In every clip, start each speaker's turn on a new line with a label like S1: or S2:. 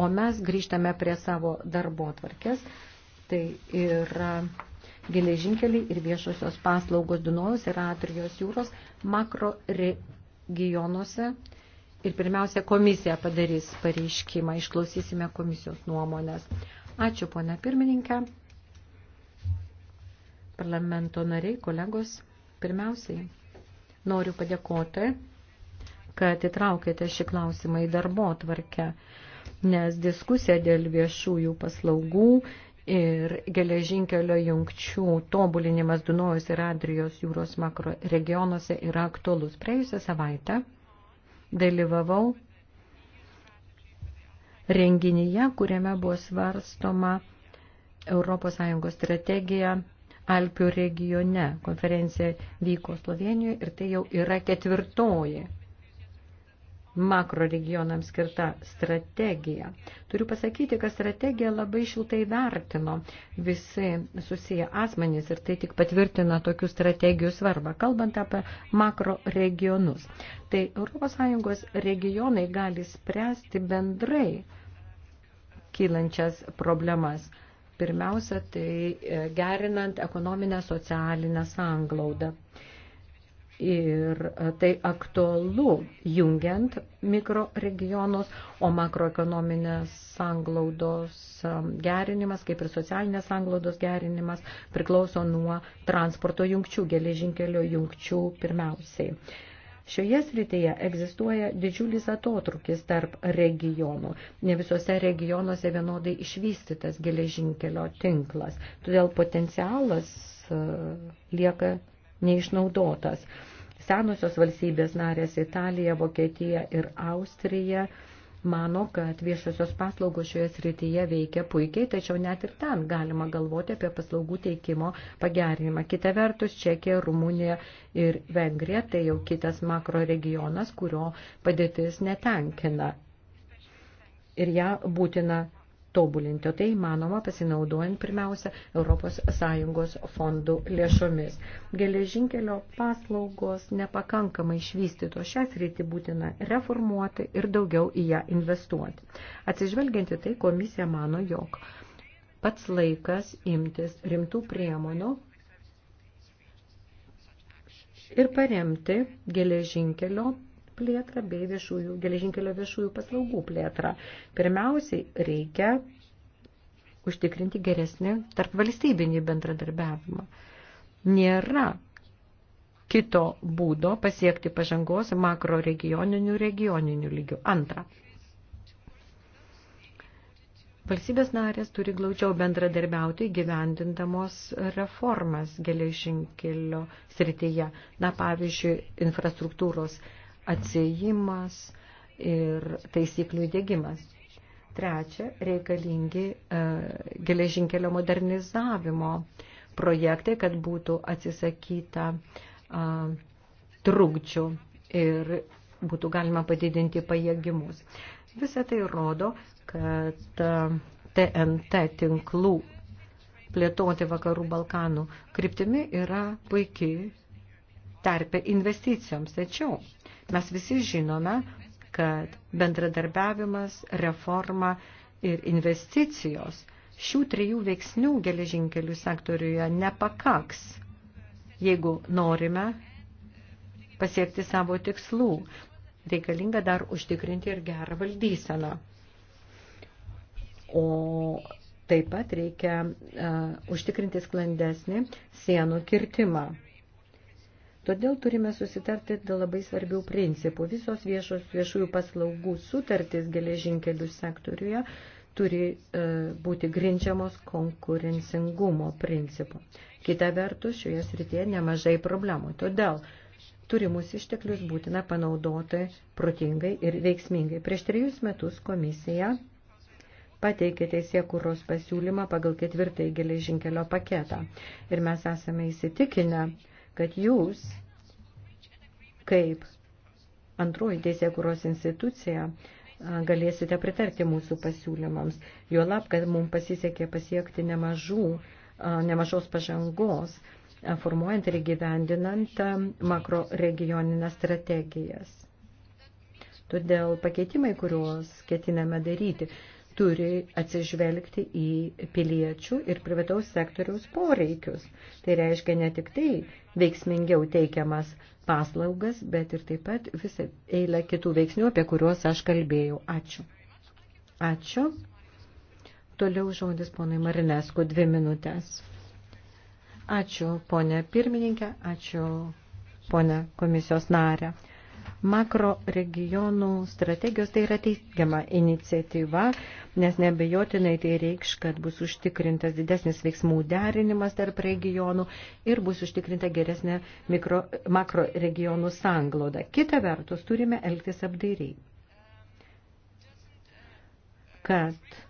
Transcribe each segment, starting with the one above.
S1: O mes grįžtame prie savo darbo tvarkės. Tai yra geležinkeliai ir viešosios paslaugos Dunojus ir Atrijos jūros makro regionuose. Ir pirmiausia, komisija padarys pareiškimą. Išklausysime komisijos nuomonės. Ačiū, ponia pirmininkė. Parlamento nariai, kolegos, pirmiausiai noriu padėkoti, kad įtraukėte šį klausimą į darbo tvarkę nes diskusija dėl viešųjų paslaugų ir geležinkelio jungčių tobulinimas Dunojus ir Adrijos jūros makro regionuose yra aktualus. Praėjusią savaitę dalyvavau renginyje, kuriame buvo svarstoma ES strategija Alpių regione. Konferencija vyko Slovenijoje ir tai jau yra ketvirtoji makro regionams skirta strategija. Turiu pasakyti, kad strategija labai šiltai vertino visi susiję asmenys ir tai tik patvirtina tokių strategijų svarbą. Kalbant apie makro regionus, tai ES regionai gali spręsti bendrai kylančias problemas. Pirmiausia, tai gerinant ekonominę socialinę sanglaudą ir e, tai aktualu jungiant mikroregionus, o makroekonominės sanglaudos e, gerinimas, kaip ir socialinės sanglaudos gerinimas, priklauso nuo transporto jungčių, geležinkelio jungčių pirmiausiai. Šioje srityje egzistuoja didžiulis atotrukis tarp regionų. Ne visose regionuose vienodai išvystytas geležinkelio tinklas. Todėl potencialas e, lieka neišnaudotas. Senosios valstybės narės Italija, Vokietija ir Austrija mano, kad viešosios paslaugos šioje srityje veikia puikiai, tačiau net ir ten galima galvoti apie paslaugų teikimo pagerinimą. Kita vertus, Čekija, Rumunija ir Vengrija tai jau kitas makro regionas, kurio padėtis netenkina ir ją būtina tobulinti, o tai įmanoma pasinaudojant pirmiausia ES fondų lėšomis. Geležinkelio paslaugos nepakankamai išvystyto šią sritį būtina reformuoti ir daugiau į ją investuoti. Atsižvelgianti tai, komisija mano, jog pats laikas imtis rimtų priemonių ir paremti geležinkelio plėtrą bei viešųjų, geležinkelio viešųjų paslaugų plėtrą. Pirmiausiai reikia užtikrinti geresnį tarp valstybinį bendradarbiavimą. Nėra kito būdo pasiekti pažangos makro regioninių regioninių lygių. Antra. Valstybės narės turi glaučiau bendradarbiauti gyvendintamos reformas geležinkelio srityje. Na, pavyzdžiui, infrastruktūros atsėjimas ir taisyklių įdėgymas. Trečia, reikalingi e, geležinkelio modernizavimo projektai, kad būtų atsisakyta e, trukdžių ir būtų galima padidinti pajėgimus. Visą tai rodo, kad TNT e, tinklų plėtoti vakarų Balkanų kryptimi yra puikiai tarpė investicijoms. Tačiau Mes visi žinome, kad bendradarbiavimas, reforma ir investicijos šių trijų veiksnių geležinkelių sektoriuje nepakaks, jeigu norime pasiekti savo tikslų. Reikalinga dar užtikrinti ir gerą valdyseną. O taip pat reikia uh, užtikrinti sklandesnį sienų kirtimą. Todėl turime susitarti dėl labai svarbių principų. Visos viešos, viešųjų paslaugų sutartys geležinkelių sektoriuje turi e, būti grindžiamos konkurencingumo principu. Kita vertus, šioje srityje nemažai problemų. Todėl turimus išteklius būtina panaudoti protingai ir veiksmingai. Prieš trejus metus komisija pateikė teisėkūros pasiūlymą pagal ketvirtąjį geležinkelio paketą. Ir mes esame įsitikinę, kad jūs, kaip antroji teisėkuros institucija, galėsite pritarti mūsų pasiūlymams. Jo lab, kad mums pasisekė pasiekti nemažų, nemažos pažangos, formuojant ir gyvendinant makro regioninės strategijas. Todėl pakeitimai, kuriuos ketiname daryti, turi atsižvelgti į piliečių ir privataus sektoriaus poreikius. Tai reiškia ne tik tai veiksmingiau teikiamas paslaugas, bet ir taip pat visą eilę kitų veiksnių, apie kuriuos aš kalbėjau. Ačiū. Ačiū. Toliau žodis ponui Marinesku dvi minutės. Ačiū, ponė pirmininkė, ačiū, ponė komisijos narė makro regionų strategijos tai yra teigiama iniciatyva, nes nebejotinai tai reikš, kad bus užtikrintas didesnis veiksmų derinimas tarp regionų ir bus užtikrinta geresnė mikro, makro regionų sangloda. Kita vertus, turime elgtis apdairiai, kad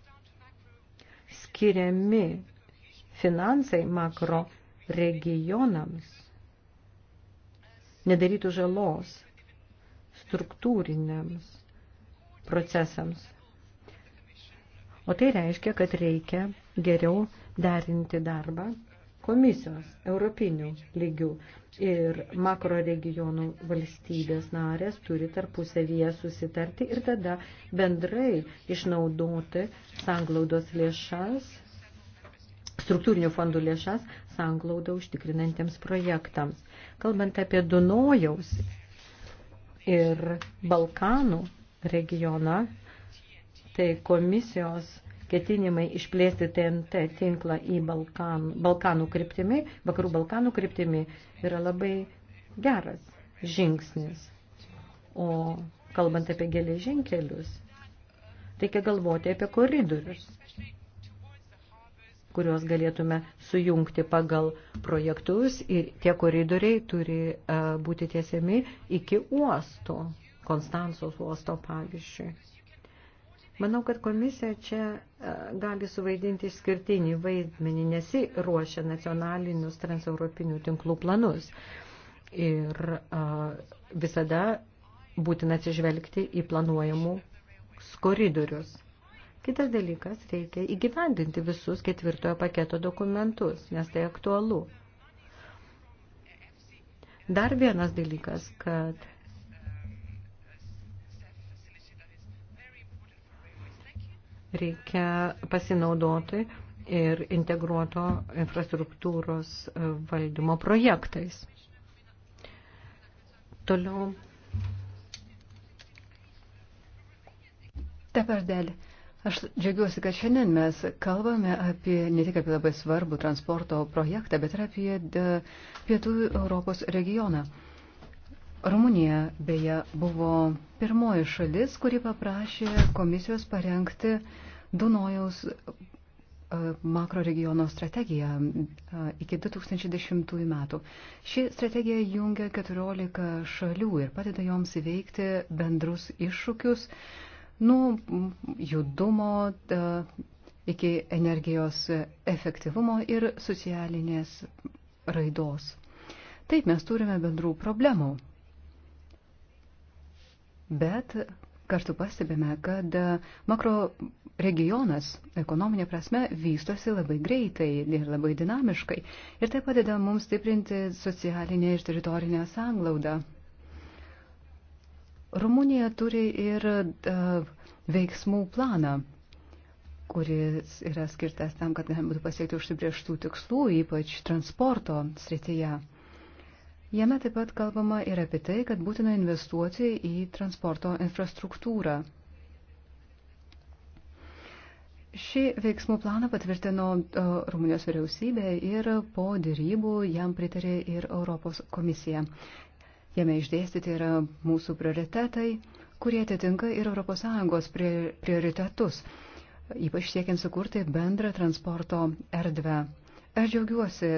S1: skiriami finansai makro regionams nedarytų žalos struktūriniams procesams. O tai reiškia, kad reikia geriau derinti darbą komisijos europinių lygių ir makro regionų valstybės narės turi tarpusavyje susitarti ir tada bendrai išnaudoti sanglaudos lėšas, struktūrinių fondų lėšas sanglaudą užtikrinantiems projektams. Kalbant apie Dunojaus ir Balkanų regioną, tai komisijos ketinimai išplėsti TNT tinklą į Balkan, Balkanų kryptimį, vakarų Balkanų kryptimį yra labai geras žingsnis. O kalbant apie geležinkelius, reikia galvoti apie koridorius kuriuos galėtume sujungti pagal projektus ir tie koridoriai turi e, būti tiesiami iki uosto, Konstancijos uosto pavyzdžiui. Manau, kad komisija čia e, gali suvaidinti išskirtinį vaidmenį, nes ji ruošia nacionalinius transeuropinių tinklų planus. Ir e, visada būtina atsižvelgti į planuojamus koridorius. Kitas dalykas, reikia įgyvendinti visus ketvirtojo paketo dokumentus, nes tai aktualu. Dar vienas dalykas, kad reikia pasinaudoti ir integruoto infrastruktūros e, valdymo projektais. Toliau.
S2: Dabar dėl Aš džiaugiuosi, kad šiandien mes kalbame apie ne tik apie labai svarbų transporto projektą, bet ir apie de, Pietų Europos regioną. Rumunija beje buvo pirmoji šalis, kuri paprašė komisijos parengti Dunojaus e, makro regiono strategiją e, iki 2010 metų. Ši strategija jungia 14 šalių ir padeda joms įveikti bendrus iššūkius, uh, nuo judumo da, iki energijos efektyvumo ir socialinės raidos. Taip, mes turime bendrų problemų. Bet kartu pastebime, kad makro regionas ekonominė prasme vystosi labai greitai ir labai dinamiškai. Ir tai padeda mums stiprinti socialinę ir teritorinę sanglaudą. Rumunija turi ir e, veiksmų planą kuris yra skirtas tam, kad galima būtų pasiekti užsibrieštų tikslų, ypač transporto srityje. Jame taip pat kalbama ir apie tai, kad būtina investuoti į transporto infrastruktūrą. Šį veiksmų planą patvirtino e, Rumunijos vyriausybė ir po dėrybų jam pritarė ir Europos komisija. Jame išdėstyti yra mūsų prioritetai, kurie atitinka ir ES prioritetus, ypač siekiant sukurti bendrą transporto erdvę. Aš džiaugiuosi,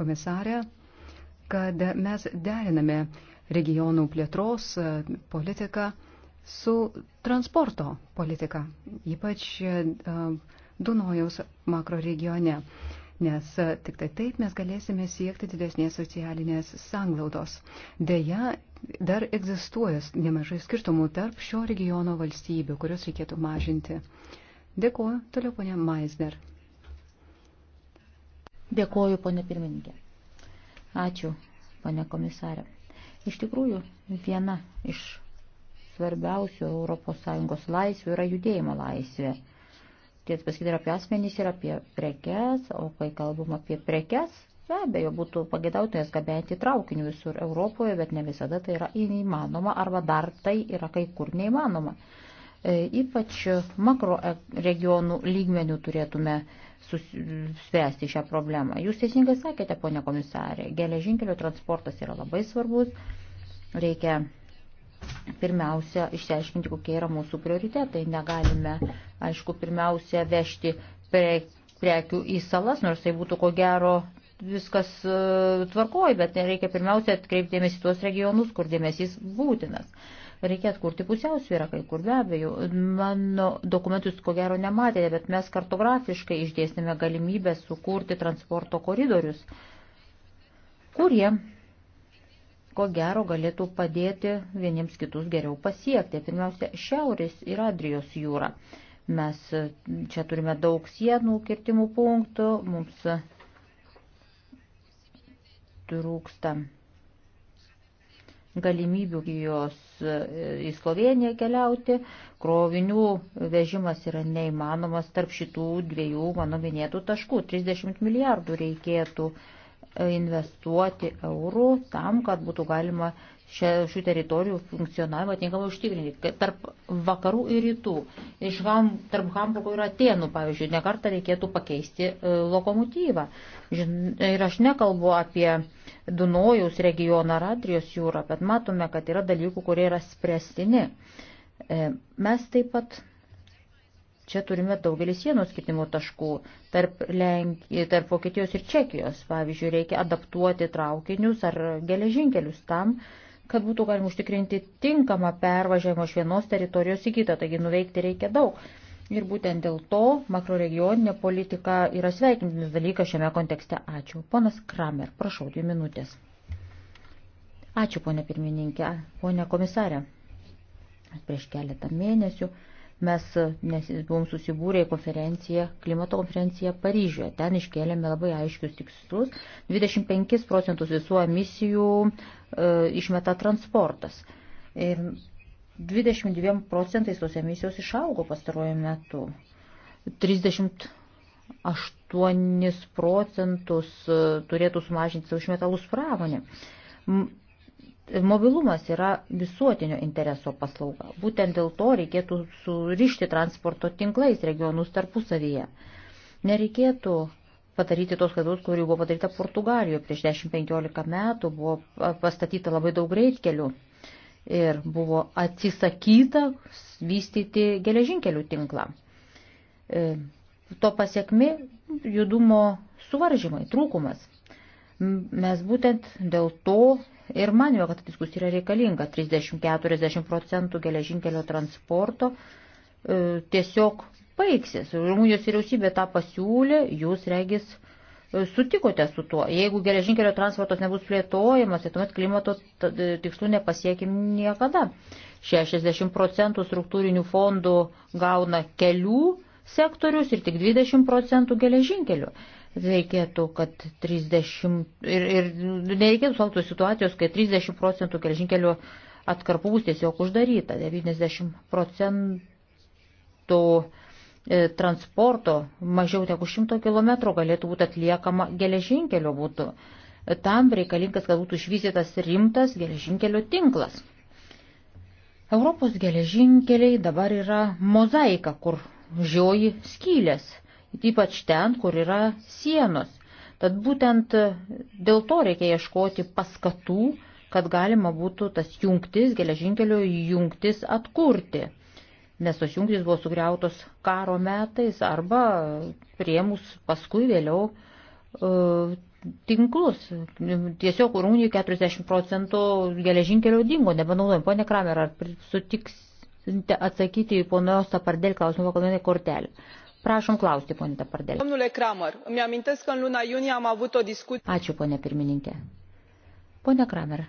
S2: komisarė, kad mes deriname regionų plėtros e, politiką su transporto politika, ypač e, Dunojaus makroregione. regione nes e, tik tai taip mes galėsime siekti didesnės socialinės sanglaudos. Deja, dar egzistuoja nemažai skirtumų tarp šio regiono valstybių, kurios reikėtų mažinti. Dėkuoju, toliau ponia Maisner. Dėkuoju, ponia
S3: pirmininkė. Ačiū, ponia komisarė. Iš tikrųjų, viena iš svarbiausių ES laisvių yra judėjimo laisvė. Tiesi pasakyti ir apie asmenys, ir apie prekes, o kai kalbam apie prekes, be abejo, būtų pagėdautinės gabenti traukinių visur Europoje, bet ne visada tai yra įmanoma arba dar tai yra kai kur neįmanoma. E, ypač makro e, regionų lygmenių turėtume spręsti šią problemą. Jūs teisingai sakėte, ponė komisarė, geležinkelio transportas yra labai svarbus, reikia pirmiausia išsiaiškinti, kokie yra mūsų prioritetai. Negalime, aišku, pirmiausia vežti pre, prekių į salas, nors tai būtų ko gero viskas e, tvarkoj, bet reikia pirmiausia atkreipdėmėsi tuos regionus, kur dėmesys būtinas reikia atkurti pusiausvyrą kai kur be abejo. Mano dokumentus ko gero nematėte, bet mes kartografiškai išdėstėme galimybę sukurti transporto koridorius, kurie ko gero galėtų padėti vieniems kitus geriau pasiekti. Pirmiausia, Šiaurės ir Adrijos jūra. Mes e, čia turime daug sienų kirtimų punktų, mums trūksta galimybių jos e, į Sloveniją keliauti, krovinių vežimas yra neįmanomas tarp šitų dviejų mano minėtų taškų. 30 milijardų reikėtų uh, investuoti eurų tam, kad būtų galima šių teritorijų funkcionavimą tinkamai užtikrinti. Tarp vakarų ir rytų, iš Ham, tarp Hamburgo ir Atenų, pavyzdžiui, nekartą reikėtų pakeisti e, lokomotyvą. Ir aš nekalbu apie Dunojaus regioną ar Adrijos jūrą, bet matome, kad yra dalykų, kurie yra spręstini. E, mes taip pat Čia turime daugelį sienos skirtimų taškų tarp, Lenk... tarp Vokietijos ir Čekijos. Pavyzdžiui, reikia adaptuoti traukinius ar geležinkelius tam, kad būtų galima užtikrinti tinkamą pervažiavimą iš vienos teritorijos į kitą. Taigi nuveikti reikia daug. Ir būtent dėl to makroregioninė politika yra sveikintinis dalykas šiame kontekste. Ačiū. Ponas Kramer, prašau, dvi minutės. Ačiū, ponė pirmininkė, ponė komisarė. Prieš keletą mėnesių Mes nes, buvom susibūrę į konferenciją, klimato konferenciją Paryžiuje. Ten iškėlėme labai aiškius tikslus. 25 procentus visų emisijų e, išmeta transportas. Ir 22 procentais tos emisijos išaugo pastaruoju metu. 30 8 procentus e, turėtų sumažinti savo išmetalus pramonė. Mobilumas yra visuotinio intereso paslauga. Būtent dėl to reikėtų surišti transporto tinklais regionus tarpusavyje. Nereikėtų padaryti tos klaidos, kurių buvo padaryta Portugalijoje. Prieš 10-15 metų buvo pastatyta labai daug greitkelių ir buvo atsisakyta vystyti geležinkelių tinklą. E, to pasiekmi judumo suvaržymai, trūkumas. Mes būtent dėl to ir manė, kad diskusija yra reikalinga. 30-40 procentų geležinkelio transporto e, tiesiog baigsis. Rumunijos vyriausybė tą pasiūlė, jūs regis e, sutikote su tuo. Jeigu geležinkelio transportas nebus plėtojamas, tai tuomet klimato tikslų nepasiekim niekada. 60 procentų struktūrinių fondų gauna kelių sektorius ir tik 20 procentų geležinkelių reikėtų, kad 30 ir, ir nereikėtų sulaukti situacijos, kai 30 procentų kelžinkelio atkarpų bus tiesiog uždaryta, 90 procentų e, transporto mažiau negu 100 km galėtų būti atliekama geležinkelio būtų. Tam reikalingas, kad būtų išvystytas rimtas geležinkelio tinklas. Europos geležinkeliai dabar yra mozaika, kur žioji skylės ypač ten, kur yra sienos. Tad būtent dėl to reikia ieškoti paskatų, kad galima būtų tas jungtis, geležinkelio jungtis atkurti. Nes tos jungtis buvo sugriautos karo metais arba priemus paskui vėliau uh, tinklus. Tiesiog Rumunijoje 40 procentų geležinkelio dingo, nebenaudojam. Pone Kramer, ar sutiksite atsakyti į ponios apardėl klausimą pakalbinę kortelę? Prašom klausti, ponė Tapardelė.
S1: Domnule Kramer, îmi amintesc că în luna iunie am avut o discuție.
S3: Ačiū, ponė pirmininkė. Pone Kramer,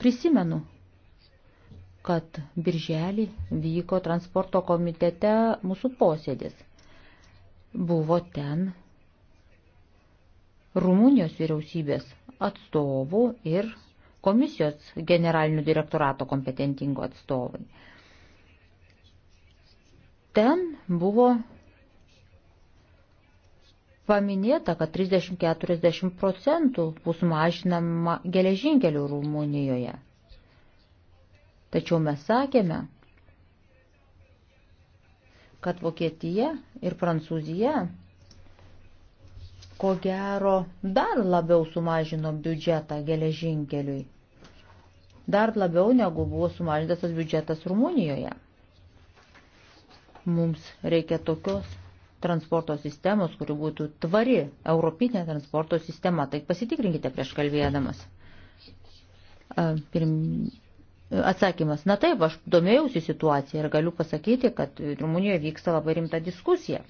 S3: prisimenu, kad birželį vyko transporto komitete mūsų posėdis. Buvo ten Rumunijos vyriausybės atstovų ir komisijos generalinių direktorato kompetentingo atstovai. Ten buvo paminėta, kad 30-40 procentų bus mažinama geležinkelių Rumunijoje. Tačiau mes sakėme, kad Vokietija ir Prancūzija ko gero dar labiau sumažino biudžetą geležinkeliui. Dar labiau negu buvo sumažintas tas biudžetas Rumunijoje. Mums reikia tokios transporto sistemos, kuri būtų tvari europinė transporto sistema. Tai pasitikrinkite prieš kalbėdamas. Pirm... Atsakymas. Na taip, aš domėjausi situaciją ir galiu pasakyti, kad Rumunijoje vyksta labai rimta diskusija.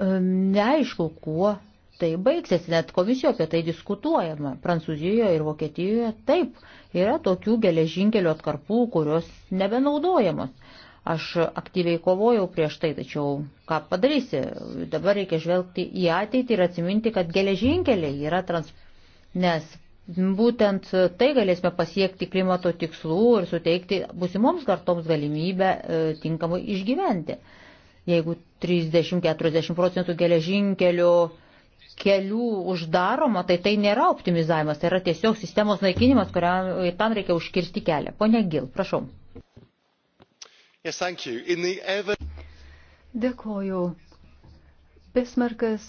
S3: Neaišku, kuo tai baigsis, net komisijoje apie tai diskutuojama. Prancūzijoje ir Vokietijoje taip, yra tokių geležinkelio atkarpų, kurios nebenaudojamos. Aš aktyviai kovojau prieš tai, tačiau ką padarysi, dabar reikia žvelgti į ateitį ir atsiminti, kad geležinkeliai yra trans... Nes būtent tai galėsime pasiekti klimato tikslų ir suteikti busimoms kartoms galimybę e, tinkamai išgyventi. Jeigu 30-40 procentų geležinkelių kelių uždaroma, tai tai nėra optimizavimas, tai yra tiesiog sistemos naikinimas, kuriam tam reikia užkirsti kelią. Pone Gil, prašau.
S4: Yes, the...
S2: Dėkoju. Besmarkas,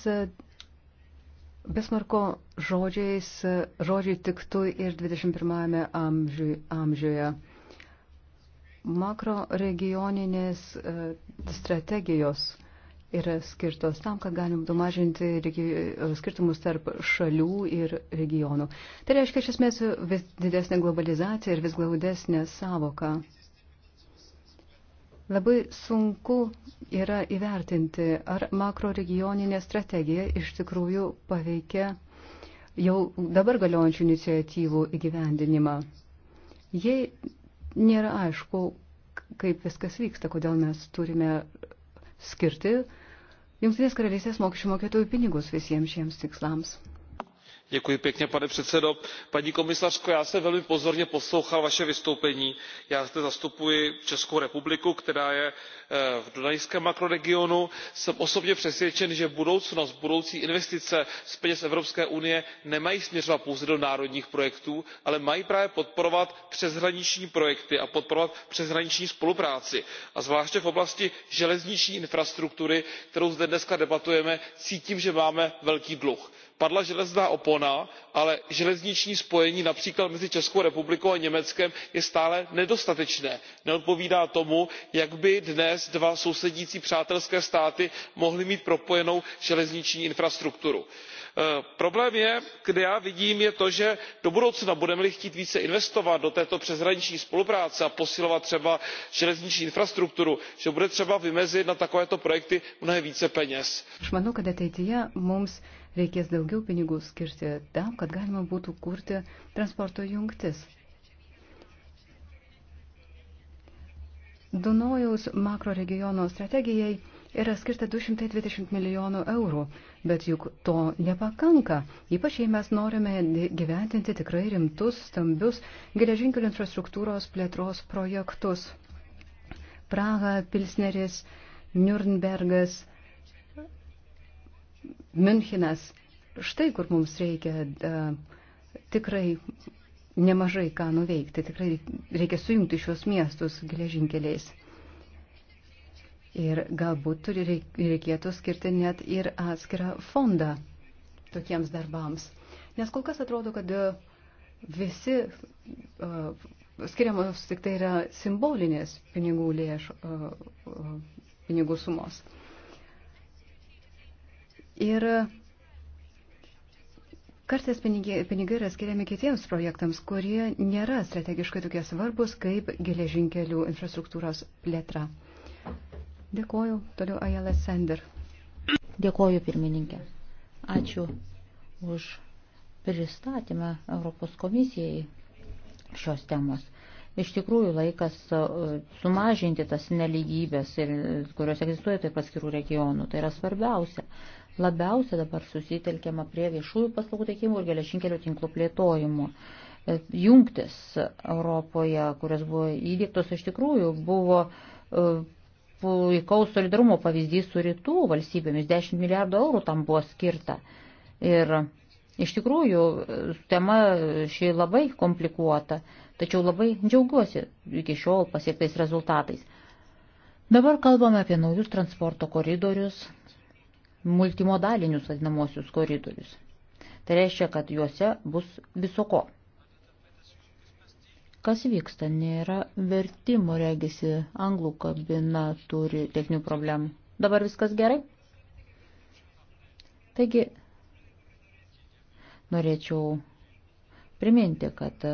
S2: besmarko žodžiais, žodžiai tiktų ir 21 amžiui, amžiuje. Makro regioninės e, strategijos yra skirtos tam, kad galim dumažinti regi... skirtumus tarp šalių ir regionų. Tai reiškia, iš esmės, vis didesnė globalizacija ir vis glaudesnė savoka. Labai sunku yra įvertinti, ar makro regioninė strategija iš tikrųjų paveikia jau dabar galiojančių iniciatyvų įgyvendinimą. Jei nėra aišku, kaip viskas vyksta, kodėl mes turime skirti Jungtinės karalystės mokesčių mokėtojų pinigus visiems šiems tikslams
S4: pane předsedající paní komisařko já jsem velmi pozorně poslouchal vaše vystoupení. já zde zastupuji českou republiku která je eh, v dunajském makroregionu. jsem osobně přesvědčen že budoucnost budoucí investice z peněz evropské unie nemají směřovat pouze do národních projektů ale mají právě podporovat přeshraniční projekty a podporovat přeshraniční spolupráci. a zvláště v oblasti železniční infrastruktury kterou zde dnes debatujeme cítím že máme velký dluh padla železná opona ale železniční spojení například mezi českou republikou a německem je stále nedostatečné neodpovídá tomu jak by dnes dva sousedící přátelské státy mohly mít propojenou železniční infrastrukturu. E, problém kde já vidím je to že do budoucna budeme li chtít více investovat do této přeshraniční spolupráce a posilovat třeba železniční infrastrukturu že bude třeba vymezit na takovéto projekty mnohem více peněz
S2: reikės daugiau pinigų skirti tam, kad galima būtų kurti transporto jungtis. Dunojaus makro regiono strategijai yra skirta 220 milijonų eurų, bet juk to nepakanka, ypač jei mes norime gyventinti tikrai rimtus, stambius geležinkelių infrastruktūros plėtros projektus. Praga, Pilsneris, Nürnbergas, Münchinas. Štai kur mums reikia e, tikrai nemažai ką nuveikti, tikrai reikia sujungti šios miestus geležinkeliais. Ir galbūt turi, reikėtų skirti net ir atskirą fondą tokiems darbams. Nes kol kas atrodo, kad e, visi uh, skiriamos tik tai yra simbolinės pinigų lėšų, uh, uh, pinigų sumos. Uh, Ir kartais pinigai, pinigai yra skiriami kitiems projektams, kurie nėra strategiškai tokie svarbus kaip geležinkelių infrastruktūros plėtra. Dėkoju. Toliau Ajala Sender. Dėkoju,
S3: pirmininkė. Ačiū už pristatymą Europos komisijai šios temos. Iš tikrųjų laikas e, sumažinti tas neligybės, ir, kurios egzistuoja taip paskirų regionų. Tai yra svarbiausia. Labiausia dabar susitelkiama prie viešųjų paslaugų teikimų ir geležinkelio tinklų plėtojimo. E, jungtis Europoje, kurios buvo įdėktos iš tikrųjų, buvo e, puikaus solidarumo pavyzdys su rytų valstybėmis. 10 milijardų eurų tam buvo skirta. Ir iš tikrųjų tema ši labai komplikuota, tačiau labai džiaugiuosi iki šiol pasiektais rezultatais. Dabar kalbame apie naujus transporto koridorius, multimodalinius vadinamosius koridorius. Tai reiškia, kad juose bus visoko. Kas vyksta? Nėra vertimo, regisi, anglų kabina turi techninių problemų. Dabar viskas gerai? Taigi, norėčiau priminti, kad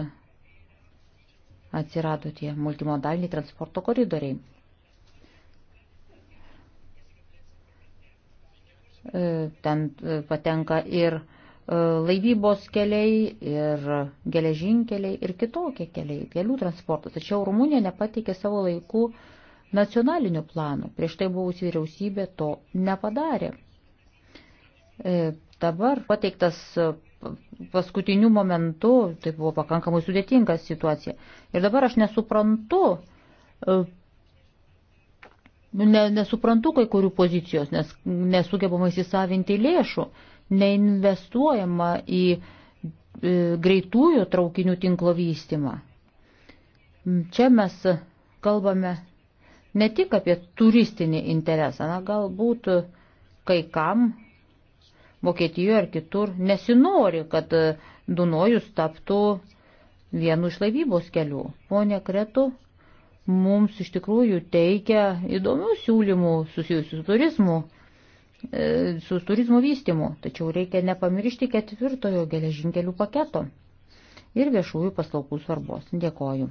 S3: atsirado tie multimodaliniai transporto koridoriai. E, ten e, patenka ir e, laivybos keliai, ir geležinkeliai, ir kitokie keliai, kelių transportas. Tačiau Rumunija nepateikė savo laikų nacionalinių planų. Prieš tai buvusi vyriausybė to nepadarė. Dabar pateiktas paskutiniu momentu, tai buvo pakankamai sudėtinga situacija. Ir dabar aš nesuprantu Nu, ne, nesuprantu kai kurių pozicijos, nes nesugebama įsisavinti lėšų, neinvestuojama į e, greitųjų traukinių tinklo vystimą. Čia mes kalbame ne tik apie turistinį interesą, na galbūt kai kam Vokietijoje ar kitur nesinori, kad e, Dunojus taptų vienu iš laivybos kelių. Pone Kretu, mums iš tikrųjų teikia įdomių siūlymų susijusių su turizmu, e, su turizmo vystimu. Tačiau reikia nepamiršti ketvirtojo geležinkelių paketo ir viešųjų paslaugų svarbos. Dėkoju.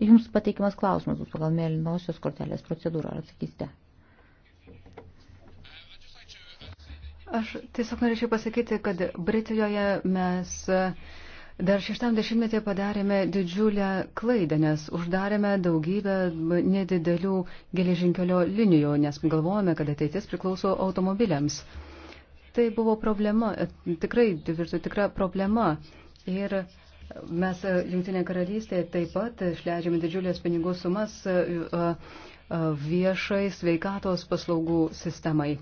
S3: Jums pateikimas klausimas bus pagal mėlynosios kortelės procedūrą. Ar atsakysite?
S2: Aš tiesiog norėčiau pasakyti, kad Britijoje mes uh, Dar šeštam dešimtmetį padarėme didžiulę klaidą, nes uždarėme daugybę nedidelių geležinkelio linijų, nes galvojame, kad ateitis priklauso automobiliams. Tai buvo problema, tikrai virto tikra problema. Ir mes Junktinė karalystė taip pat išleidžiame didžiulės pinigų sumas viešai sveikatos paslaugų sistemai.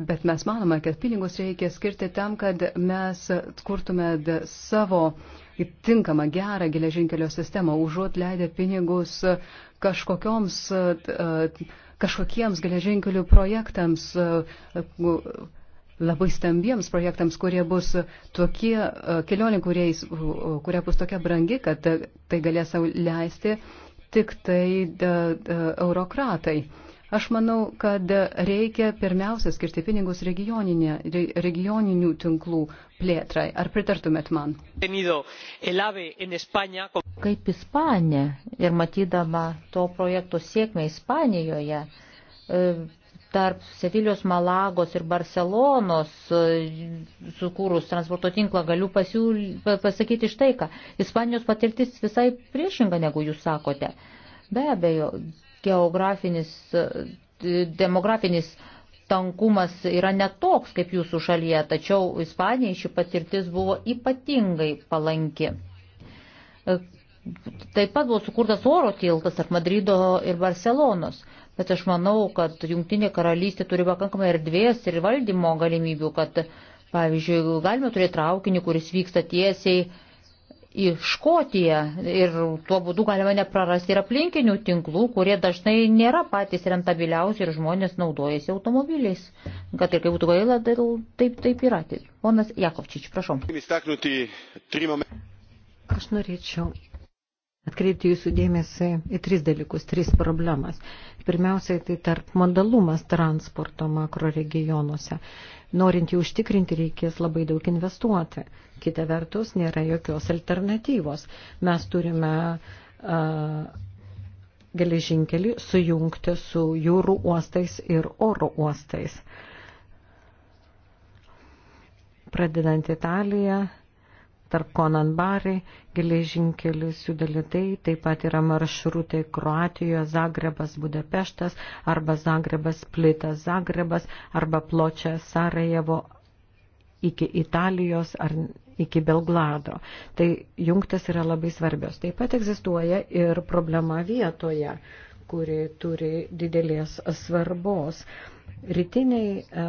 S2: Bet mes manome, kad pinigus reikia skirti tam, kad mes kurtume savo tinkamą gerą geležinkelio sistemą, užuot leidę pinigus kažkokioms, kažkokiems geležinkelių projektams, labai stambiems projektams, kurie bus tokie, kelionė, kuriais, kuria bus tokia brangi, kad tai galės sau leisti tik tai eurokratai. Da, da, Aš manau, kad reikia pirmiausia skirti pinigus regioninių tinklų plėtrai. Ar pritartumėt man? Kaip Ispanė ir matydama to
S3: projekto sėkmę Ispanijoje, e, tarp Sevilijos, Malagos ir Barcelonos e, sukūrus transporto tinklą galiu pasiūly, pasakyti štai ką. Ispanijos patirtis visai priešinga, negu jūs sakote. Be abejo, geografinis, e, demografinis tankumas yra netoks kaip jūsų šalyje, tačiau Ispanijai ši patirtis buvo ypatingai palanki. E, taip pat buvo sukurtas oro tiltas tarp Madrido ir Barcelonos, bet aš manau, kad Junktinė karalystė turi pakankamai erdvės ir valdymo galimybių, kad, pavyzdžiui, galime turėti traukinį, kuris vyksta tiesiai į Škotiją ir tuo būdu galima neprarasti ir aplinkinių tinklų, kurie dažnai nėra patys rentabiliausi ir žmonės naudojasi automobiliais. Kad ir kaip
S1: būtų gaila, taip, taip yra. Ponas Jakovčič, prašom. Aš norėčiau atkreipti jūsų dėmesį į tris dalykus, tris problemas. Pirmiausiai tai tarp modalumas transporto makro regionuose norint jį užtikrinti, reikės labai daug investuoti. Kita vertus, nėra jokios alternatyvos. Mes turime uh, geležinkelį sujungti su jūrų uostais ir oro uostais. Pradedant Italiją, tarp Konanbari, geležinkelius jų dalytai, taip pat yra maršrutai Kroatijoje, Zagrebas, Budapeštas, arba Zagrebas, Plitas, Zagrebas, arba Pločia, Sarajevo iki Italijos ar iki Belgrado. Tai jungtis yra labai svarbios. Taip pat egzistuoja ir problema vietoje kuri turi didelės svarbos. Rytiniai e,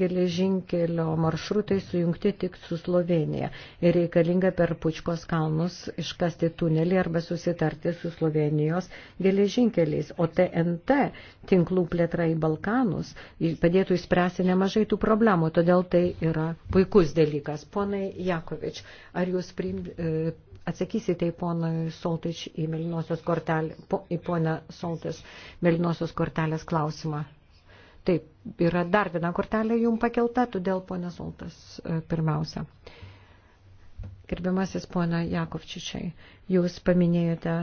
S1: geležinkelio maršrutai sujungti tik su Slovenija ir reikalinga per Pučkos kalnus iškasti tunelį arba susitarti su Slovenijos geležinkeliais, o TNT tinklų plėtra į Balkanus padėtų išspręsti nemažai tų problemų, todėl tai yra puikus dalykas. Ponai Jakovič, ar jūs priimtumėte? atsakysite į ponui Soltič į Melinosios kortelės, po, į ponę Soltič Melinosios kortelės klausimą. Taip, yra dar viena kortelė jum pakelta, todėl ponė Soltas e, pirmiausia. Gerbiamasis pona Jakovčičiai, jūs paminėjote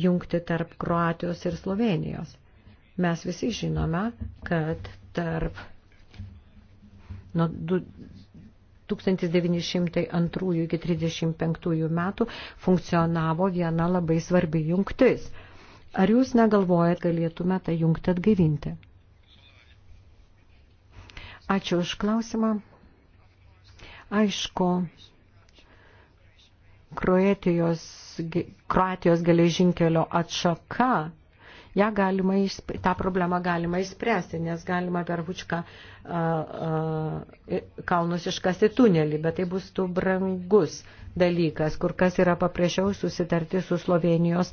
S1: jungti tarp Kroatijos ir Slovenijos. Mes visi žinome, kad tarp nuo 1902 iki 1935 metų funkcionavo viena labai svarbi jungtis. Ar jūs negalvojat, galėtume tą jungtį atgaivinti? Ačiū už klausimą. Aišku, Kroatijos, Kroatijos geležinkelio atšaka ja galima, tą problemą galima išspręsti, nes galima per Vučką kalnus iškasti tunelį, bet tai bus tų brangus dalykas, kur kas yra paprasčiau susitarti su Slovenijos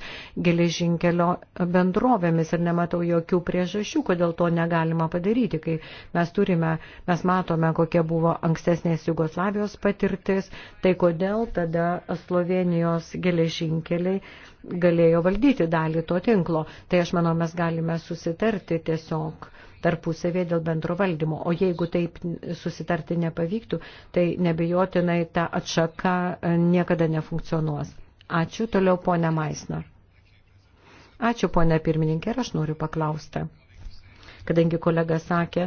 S1: geležinkelio bendrovėmis ir nematau jokių priežasčių, kodėl to negalima padaryti, kai mes turime, mes matome, kokia buvo ankstesnės Jugoslavijos patirtis, tai kodėl tada Slovenijos geležinkeliai galėjo valdyti dalį to tinklo. Tai aš manau, mes galime susitarti tiesiog tarpusavėje dėl bendro valdymo. O jeigu taip susitarti nepavyktų, tai nebejotinai ta atšaka niekada nefunkcionuos. Ačiū toliau ponia Maisna. Ačiū ponia pirmininkė ir aš noriu paklausti. Kadangi kolega sakė,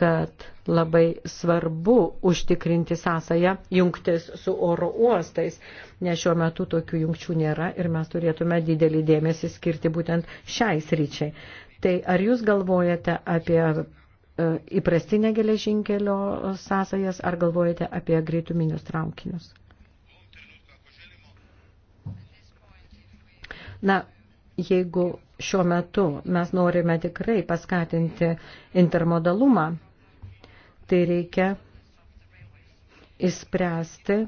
S1: kad labai svarbu užtikrinti sąsąją jungtis su oro uostais, nes šiuo metu tokių jungčių nėra ir mes turėtume didelį dėmesį skirti būtent šiai sryčiai. Tai ar jūs galvojate apie e, įprastinę geležinkelio sąsajas, ar galvojate apie greituminius traukinius? Na, jeigu šiuo metu mes norime tikrai paskatinti intermodalumą, tai reikia įspręsti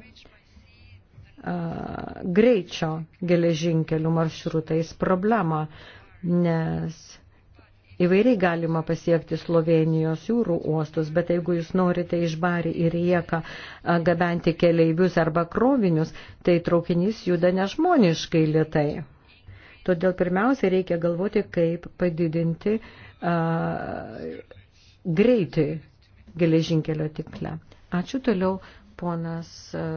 S1: greičio geležinkelių maršrutais problemą, nes Įvairiai galima pasiekti Slovenijos jūrų uostus, bet jeigu jūs norite iš barį ir rieką gabenti keleivius arba krovinius, tai traukinys juda nežmoniškai lietai. Todėl pirmiausia reikia galvoti, kaip padidinti a, greitį geležinkelio tinkle. Ačiū toliau, ponas a,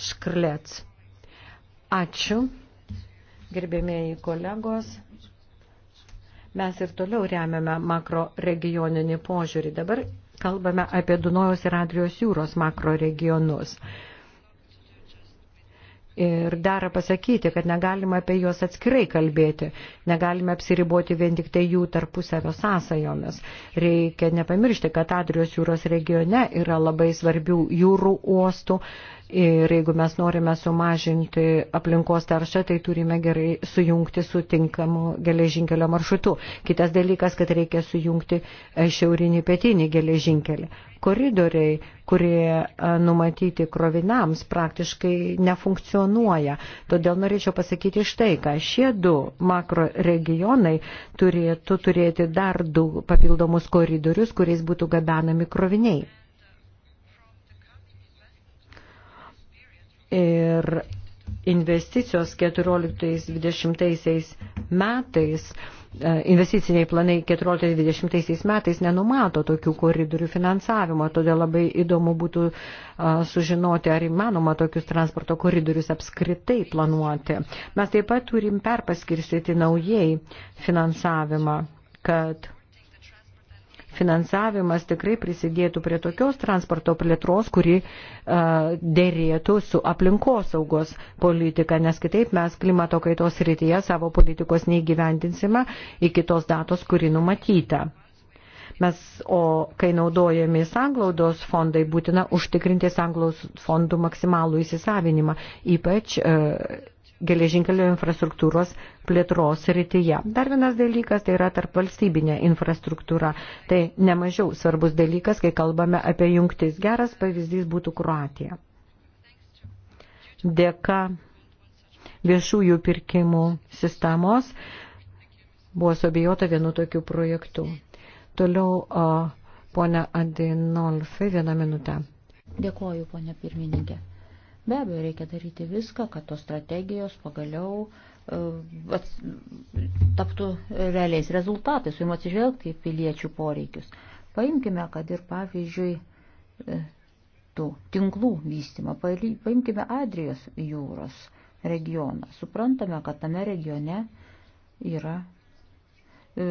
S1: Škrlec. Ačiū gerbėmėjai kolegos, mes ir toliau remiame makro regioninį požiūrį. Dabar kalbame apie Dunojos ir Adrijos jūros makro regionus. Ir dera pasakyti, kad negalima apie juos atskirai kalbėti, negalime apsiriboti vien tik tai jų tarpusavio sąsajomis. Reikia nepamiršti, kad Adrijos jūros regione yra labai svarbių jūrų uostų, Ir jeigu mes norime sumažinti aplinkos taršą, tai turime gerai sujungti su tinkamu geležinkelio maršrutu. Kitas dalykas, kad reikia sujungti e, šiaurinį pietinį geležinkelį. Koridoriai, kurie e, numatyti krovinams, praktiškai nefunkcionuoja. Todėl norėčiau pasakyti štai, ką šie du makro regionai turėtų turėti dar du papildomus koridorius, kuriais būtų gabenami kroviniai. ir investicijos 14-20 metais, e, investiciniai planai 14-20 metais nenumato tokių koridorių finansavimo, todėl labai įdomu būtų e, sužinoti, ar įmanoma tokius transporto koridorius apskritai planuoti. Mes taip pat turim perpaskirstyti naujai finansavimą, kad finansavimas tikrai prisidėtų prie tokios transporto plėtros, kuri uh, dėrėtų su aplinkosaugos politika, nes kitaip mes klimato kaitos rytyje savo politikos neįgyvendinsime iki tos datos, kuri numatyta. Mes, o kai naudojami sanglaudos fondai, būtina užtikrinti sanglaudos fondų maksimalų įsisavinimą, ypač uh, geležinkelio infrastruktūros plėtros rytyje. Dar vienas dalykas tai yra tarp valstybinė infrastruktūra. Tai nemažiau svarbus dalykas, kai kalbame apie jungtis. Geras pavyzdys būtų Kroatija. Dėka viešųjų pirkimų sistemos buvo sobijota vienu tokiu projektu. Toliau o, ponia Adinolfi, vieną minutę.
S3: Dėkuoju, ponia pirmininkė. Be abejo, reikia daryti viską, kad tos strategijos pagaliau e, ats, taptų realiais rezultatais, su jum atsižvelgti į piliečių poreikius. Paimkime, kad ir pavyzdžiui, e, tų tinklų vystymą, paimkime Adrijos jūros regioną. Suprantame, kad tame regione yra e,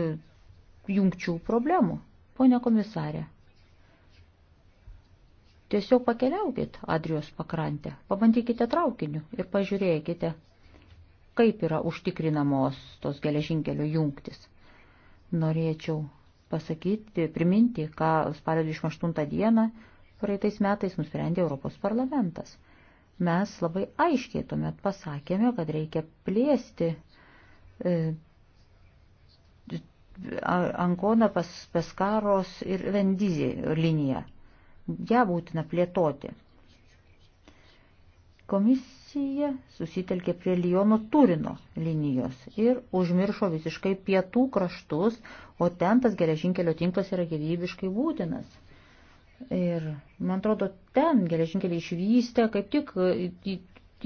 S3: jungčių problemų. Pone komisarė, Tiesiog pakeliaukit Adrijos pakrantę, pabandykite traukiniu ir pažiūrėkite, kaip yra užtikrinamos tos geležinkelio jungtis. Norėčiau pasakyti, priminti, ką spalio 28 dieną praeitais metais nusprendė Europos parlamentas. Mes labai aiškiai tuomet pasakėme, kad reikia plėsti e, Ankona pas Peskaros ir Vendizė liniją ją būtina plėtoti. Komisija susitelkė prie Lijono Turino linijos ir užmiršo visiškai pietų kraštus, o ten tas geležinkelio tinklas yra gyvybiškai būtinas. Ir man atrodo, ten geležinkelį išvystę, kaip tik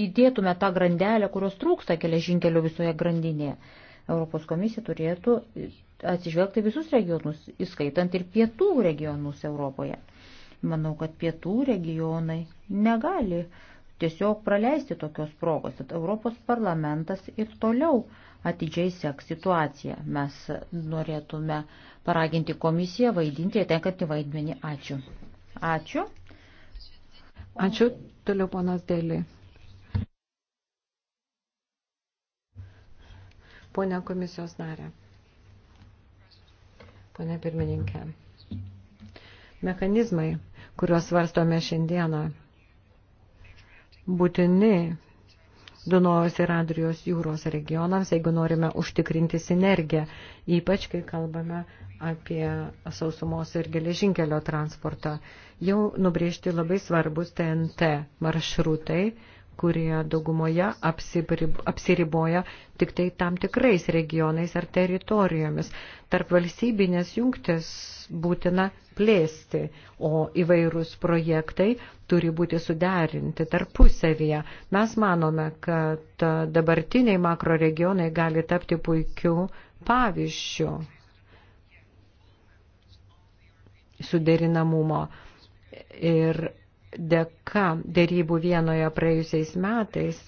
S3: įdėtume tą grandelę, kurios trūksta geležinkelio visoje grandinėje. Europos komisija turėtų atsižvelgti visus regionus, įskaitant ir pietų regionus Europoje. Manau, kad pietų regionai negali tiesiog praleisti tokios progos, kad Europos parlamentas ir toliau atidžiai seks situaciją. Mes norėtume paraginti komisiją vaidinti atenkantį vaidmenį. Ačiū. Ačiū.
S1: Ačiū. Toliau ponas Dėlį. Pone komisijos narė. Pone pirmininkė. Mechanizmai kuriuos svarstome šiandieną, būtini Dunojos ir Adrijos jūros regionams, jeigu norime užtikrinti sinergiją, ypač kai kalbame apie sausumos ir geležinkelio transportą. Jau nubriežti labai svarbus TNT maršrutai kurie daugumoje apsiriboja tik tai tam tikrais regionais ar teritorijomis. Tarp valstybinės jungtis būtina plėsti, o įvairūs projektai turi būti suderinti tarpusavyje. Mes manome, kad dabartiniai makroregionai gali tapti puikių pavyzdžių suderinamumo. Ir dėka dėrybų vienoje praėjusiais metais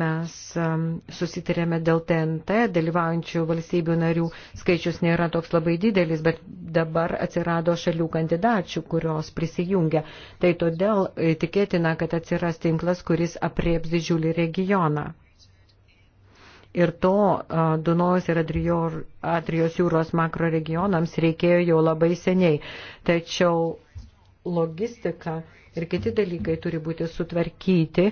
S1: mes um, susitarėme dėl TNT, dalyvaujančių valstybių narių skaičius nėra toks labai didelis, bet dabar atsirado šalių kandidačių, kurios prisijungia. Tai todėl e, tikėtina, kad atsiras tinklas, kuris aprieps didžiulį regioną. Ir to Dunojus ir Adrijos jūros makro regionams reikėjo jau labai seniai. Tačiau logistika ir kiti dalykai turi būti sutvarkyti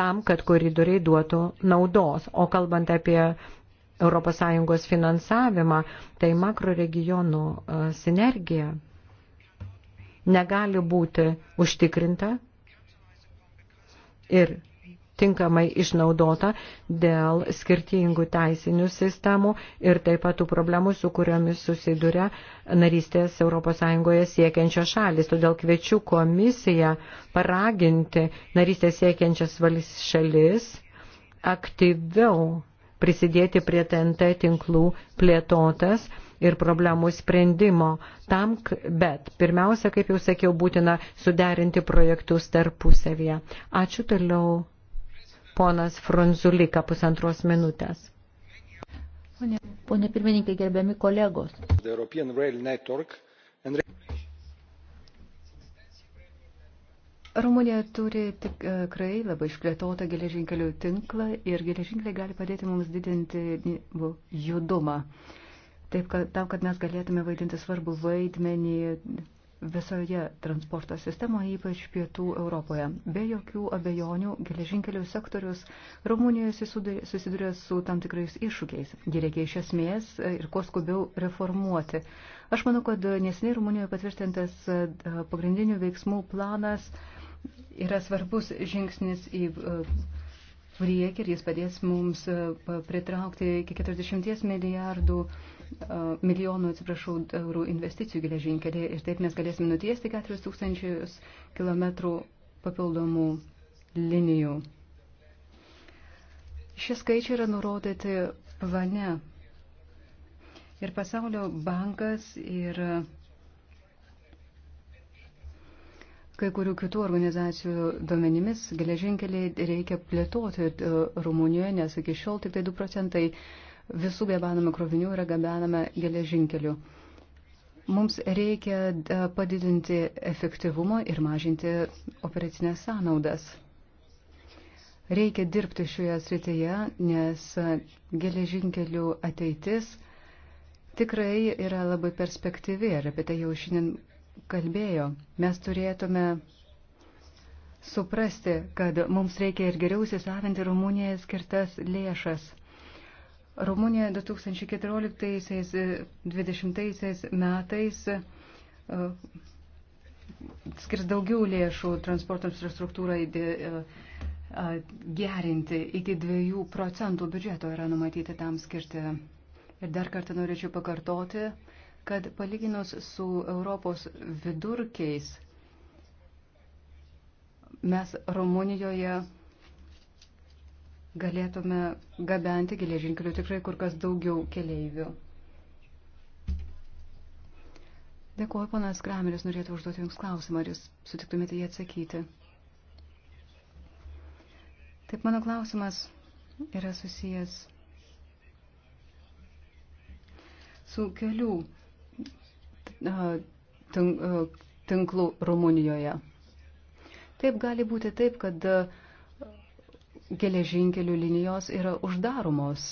S1: tam, kad koridoriai duotų naudos. O kalbant apie ES finansavimą, tai makroregionų e, sinergija negali būti užtikrinta ir tinkamai išnaudota dėl skirtingų teisinių sistemų ir taip pat tų problemų, su kuriomis susiduria narystės ES siekiančios šalis. Todėl kviečiu komisiją paraginti narystės siekiančias šalis aktyviau prisidėti prie TNT tinklų plėtotas ir problemų sprendimo. Tam, bet pirmiausia, kaip jau sakiau, būtina suderinti projektus tarpusavyje. Ačiū toliau ponas Frunzulika pusantros minutės. Pone, pone pirmininkai,
S3: gerbiami kolegos.
S4: And...
S2: Rumunija turi tikrai labai išplėtotą geležinkelių tinklą ir geležinkeliai gali padėti mums didinti nu, judumą. Taip, kad, tam, kad mes galėtume vaidinti svarbų vaidmenį visoje transporto sistemoje, ypač pietų Europoje. Be jokių abejonių, geležinkelių sektorius Rumunijoje susiduria su tam tikrais iššūkiais. Jį reikia iš esmės e, ir kuo skubiau reformuoti. Aš manau, kad nesiniai Rumunijoje patvirtintas e, pagrindinių veiksmų planas yra svarbus žingsnis į e, priekį ir jis padės mums pritraukti iki 40 milijardų milijonų, atsiprašau, eurų investicijų geležinkelį ir taip mes galėsime nutiesti 4000 km papildomų linijų. Šie skaičiai yra nurodyti plane. Ir pasaulio bankas ir kai kurių kitų organizacijų duomenimis geležinkeliai reikia plėtoti Rumunijoje, nes iki šiol tik tai 2 procentai uh, visų gabenamų krovinių yra gabenama geležinkeliu. Mums reikia e, padidinti efektyvumą ir mažinti operacinės sąnaudas. Reikia dirbti šioje srityje, nes geležinkelių ateitis tikrai yra labai perspektyvi ir apie tai jau šiandien kalbėjo. Mes turėtume suprasti, kad mums reikia ir geriau įsisavinti Rumunijai skirtas lėšas. Rumunija 2014-2020 e, metais e, skirs daugiau lėšų transporto infrastruktūrai e, gerinti. Iki 2 procentų biudžeto yra numatyti tam skirti. Ir dar kartą norėčiau pakartoti, kad palyginus su Europos vidurkiais mes Rumunijoje galėtume gabenti geležinkeliu tikrai kur kas daugiau keleivių. Dėkuoju, ponas Krameris, norėtų užduoti Jums klausimą, ar Jūs sutiktumėte jį atsakyti. Taip, mano klausimas yra susijęs su kelių tinklų Rumunijoje. Taip gali būti taip, kad uh, geležinkelių linijos yra uždaromos.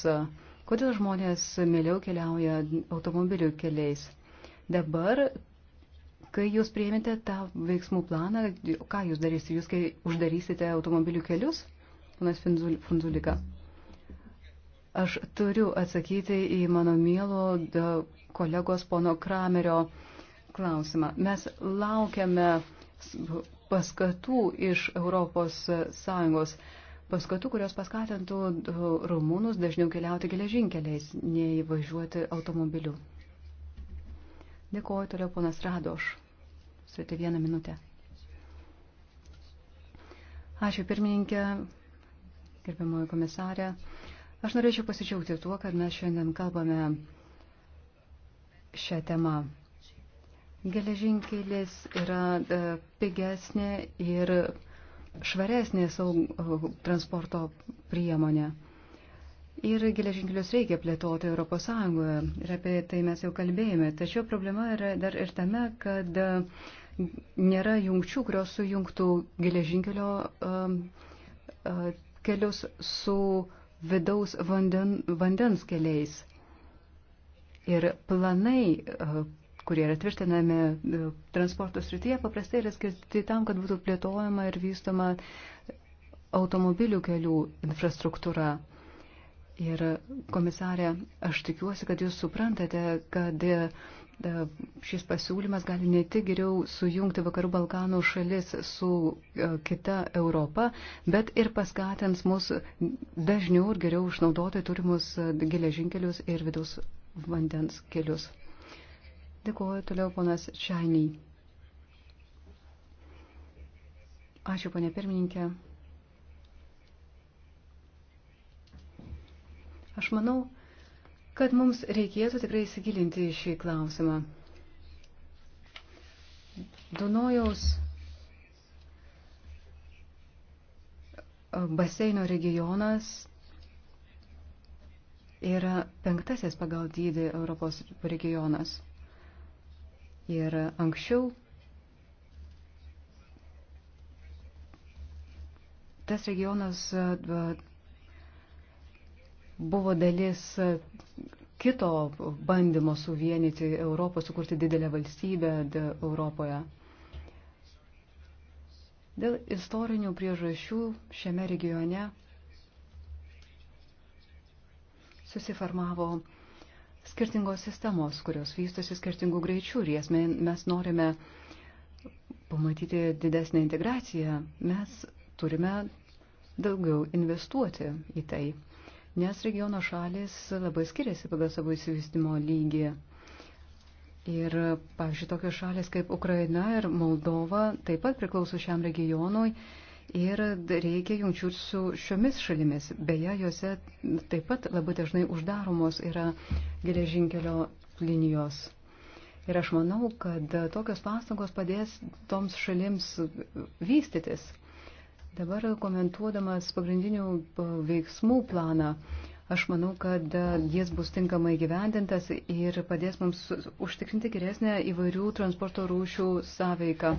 S2: Kodėl žmonės mieliau keliauja automobilių keliais? Dabar, kai jūs priėmėte tą veiksmų planą, ką jūs darysite? Jūs kai uždarysite automobilių kelius, panas Funzulika? Aš turiu atsakyti į mano mielo kolegos pono Kramerio klausimą. Mes laukiame paskatų iš Europos Sąjungos paskatų, kurios paskatintų uh, rumūnus dažniau keliauti geležinkeliais, nei važiuoti automobiliu. Dėkuoju toliau ponas Radoš. Sveiki vieną minutę. Ačiū pirmininkė, gerbiamoji komisarė. Aš norėčiau pasidžiaugti tuo, kad mes šiandien kalbame šią temą. Geležinkelis yra uh, pigesnė ir švaresnė saug, uh, transporto priemonė. Ir geležinkelius reikia plėtoti Europos Sąjungoje. Ir apie tai mes jau kalbėjome. Tačiau problema yra dar ir tame, kad uh, nėra jungčių, kurios sujungtų geležinkelio um, uh, kelius su vidaus vanden, vandens keliais. Ir planai uh, kurie yra tvirtinami e, transporto srityje, paprastai yra skirti tam, kad būtų plėtojama ir vystoma automobilių kelių infrastruktūra. Ir komisarė, aš tikiuosi, kad jūs suprantate, kad e, šis pasiūlymas gali ne tik geriau sujungti Vakarų Balkanų šalis su e, kita Europa, bet ir paskatins mus dažniau ir geriau išnaudoti turimus geležinkelius ir vidaus vandens kelius. Dėkuoju toliau ponas Čainiai. Ačiū, ponė pirmininkė. Aš manau, kad mums reikėtų tikrai įsigilinti į šį klausimą. Dunojaus baseino regionas yra penktasis pagal dydį Europos regionas. Ir anksčiau tas regionas buvo dalis kito bandymo suvienyti Europą, sukurti didelę valstybę Europoje. Dėl istorinių priežasčių šiame regione susiformavo skirtingos sistemos, kurios vystosi skirtingų greičių ir jas mes norime pamatyti didesnę integraciją, mes turime daugiau investuoti į tai, nes regiono šalis labai skiriasi pagal savo įsivystimo lygį. Ir, pavyzdžiui, tokios šalis kaip Ukraina ir Moldova taip pat priklauso šiam regionui ir reikia jungčių su šiomis šalimis. Beje, juose taip pat labai dažnai uždaromos yra geležinkelio linijos. Ir aš manau, kad tokios pastangos padės toms šalims vystytis. Dabar komentuodamas pagrindinių veiksmų planą, aš manau, kad jis bus tinkamai gyvendintas ir padės mums užtikrinti geresnę įvairių transporto rūšių sąveiką.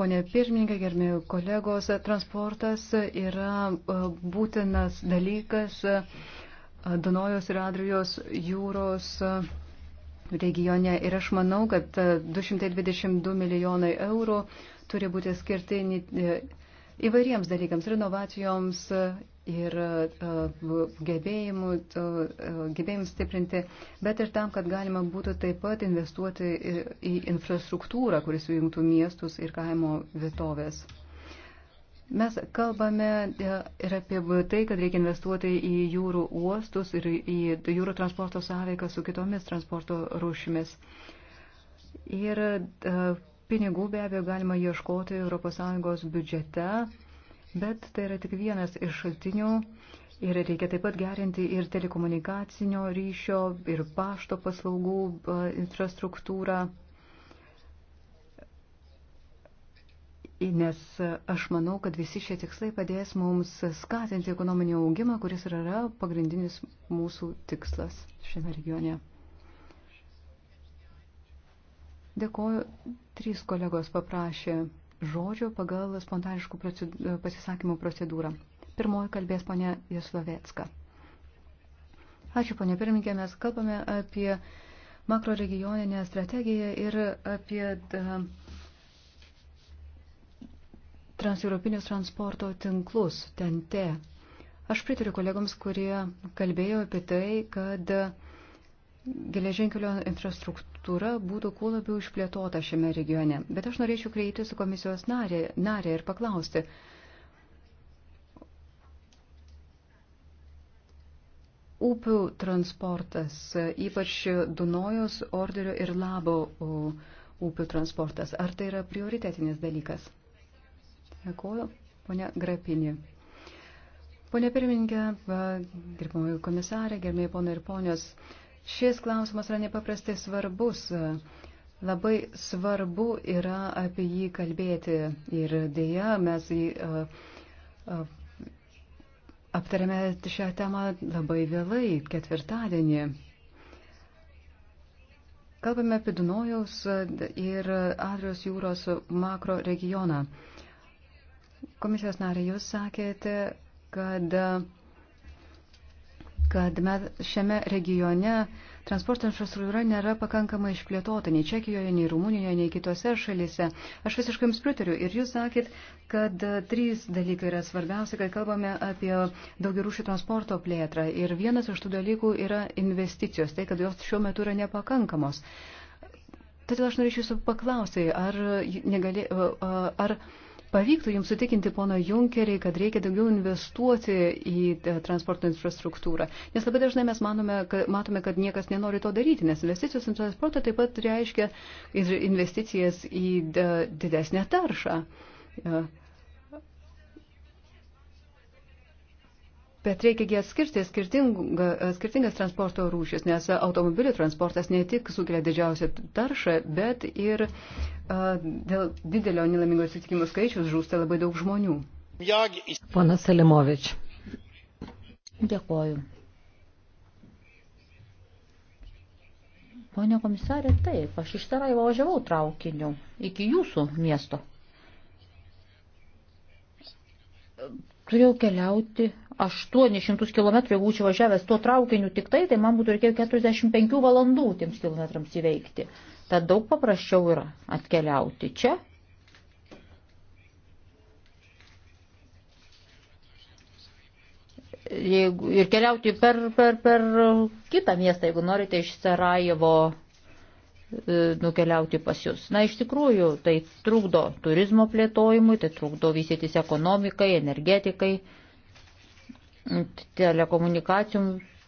S2: Pone pirmininkai, gerbėjų kolegos, transportas yra e, būtinas dalykas e, Danojos ir Adrijos jūros e, regione. Ir aš manau, kad 222 milijonai eurų turi būti skirti įvairiems dalykams, renovacijoms ir e, gebėjimų, e, e, gebėjimų stiprinti, bet ir tam, kad galima būtų taip pat investuoti į infrastruktūrą, kuris sujungtų miestus ir kaimo vietovės. Mes kalbame ir apie tai, kad reikia investuoti į jūrų uostus ir į jūrų transporto sąveiką su kitomis transporto rūšimis. Ir Pinigų be abejo galima ieškoti ES biudžete, bet tai yra tik vienas iš šaltinių. Ir reikia taip pat gerinti ir telekomunikacinio ryšio, ir pašto paslaugų e, infrastruktūrą. Nes e, aš manau, kad visi šie tikslai padės mums skatinti ekonominį augimą, kuris yra pagrindinis mūsų tikslas šiame regione. Dėkoju, trys kolegos paprašė žodžio pagal spontaniškų procedu, pasisakymų procedūrą. Pirmoji kalbės ponė Jaslovecka. Ačiū, ponė pirmininkė, mes kalbame apie makro regioninę strategiją ir apie e, transeuropinius transporto tinklus, TNT. Aš pritariu kolegoms, kurie kalbėjo apie tai, kad uh, geležinkelio infrastruktūra būtų kuo labiau išplėtota šiame regione. Bet aš norėčiau kreiptis su komisijos narė, narė ir paklausti. Upių transportas, ypač Dunojos, Orderio ir Labo upių transportas, ar tai yra prioritetinis dalykas? Dėkuoju, ponia Grapinė. Pone pirmininkė, gerbimoji komisarė, gerbėjai ponai ir ponios. Šis klausimas yra nepaprastai svarbus. Labai svarbu yra apie jį kalbėti ir dėja mes jį aptarėme šią temą labai vėlai, ketvirtadienį. Kalbame apie Dunojaus ir Adrios jūros makro regioną. Komisijos narė, jūs sakėte, kad kad mes šiame regione transporto infrastruktūra nėra pakankamai išplėtota nei Čekijoje, nei Rumunijoje, nei kitose šalise. Aš visiškai jums pritariu. Ir jūs sakėt, kad trys dalykai yra svarbiausia, kai kalbame apie daugiarūšį transporto plėtrą. Ir vienas iš tų dalykų yra investicijos, tai kad jos šiuo metu yra nepakankamos. Todėl aš norėčiau jūsų paklausti, ar, negali, ar pavyktų jums sutikinti pono Junkerį, kad reikia daugiau investuoti į e, transporto infrastruktūrą. Nes labai dažnai mes manome, kad, matome, kad niekas nenori to daryti, nes investicijos į transportą taip pat reiškia investicijas į e, didesnę taršą. Ja. E, Bet reikia atskirti skirtingas transporto rūšis, nes automobilių transportas ne tik sukelia didžiausią taršą, bet ir uh, dėl didelio nelaimingo atsitikimų skaičius žūsta labai daug žmonių.
S1: Ponas Salimovič.
S3: Dėkoju. Pone komisarė, taip, aš iš Sarajevo važiavau traukiniu iki jūsų miesto. Turėjau keliauti 800 km, jeigu būčiau važiavęs tuo traukiniu tik tai, tai man būtų reikėjo 45 valandų tiems kilometrams įveikti. Tad daug paprasčiau yra atkeliauti čia. Jeigu, ir keliauti per, per, per kitą miestą, jeigu norite iš Sarajevo e, nukeliauti pas jūs. Na, iš tikrųjų, tai trukdo turizmo plėtojimui, tai trukdo vystytis ekonomikai, energetikai telekomunikacijų,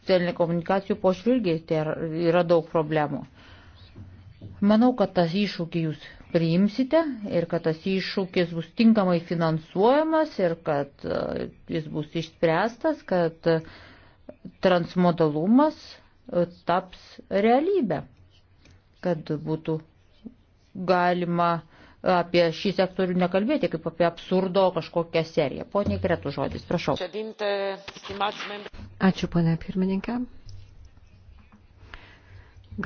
S3: telekomunikacijų pošvilgiai tai yra daug problemų. Manau, kad tas iššūkį jūs priimsite ir kad tas iššūkis bus tinkamai finansuojamas ir kad e, jis bus išspręstas, kad e, transmodalumas e, taps realybę, kad būtų galima uh, apie šį sektorių nekalbėti kaip apie absurdo kažkokią seriją. Pone Kretų žodis, prašau.
S1: Ačiū, ponė pirmininkė.